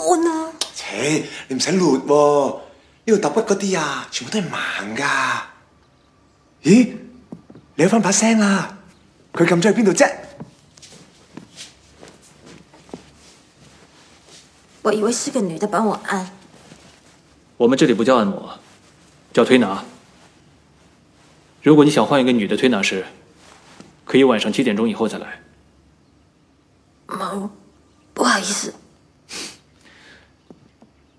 安切，你唔使亂喎，呢度揼骨嗰啲啊，全部都係盲噶。咦，你翻把聲啊，佢咁咗去邊度啫？我以為是個女的幫我按。我們這裏不叫按摩，叫推拿。如果你想換一個女的推拿師，可以晚上七點鐘以後再來。唔，不好意思。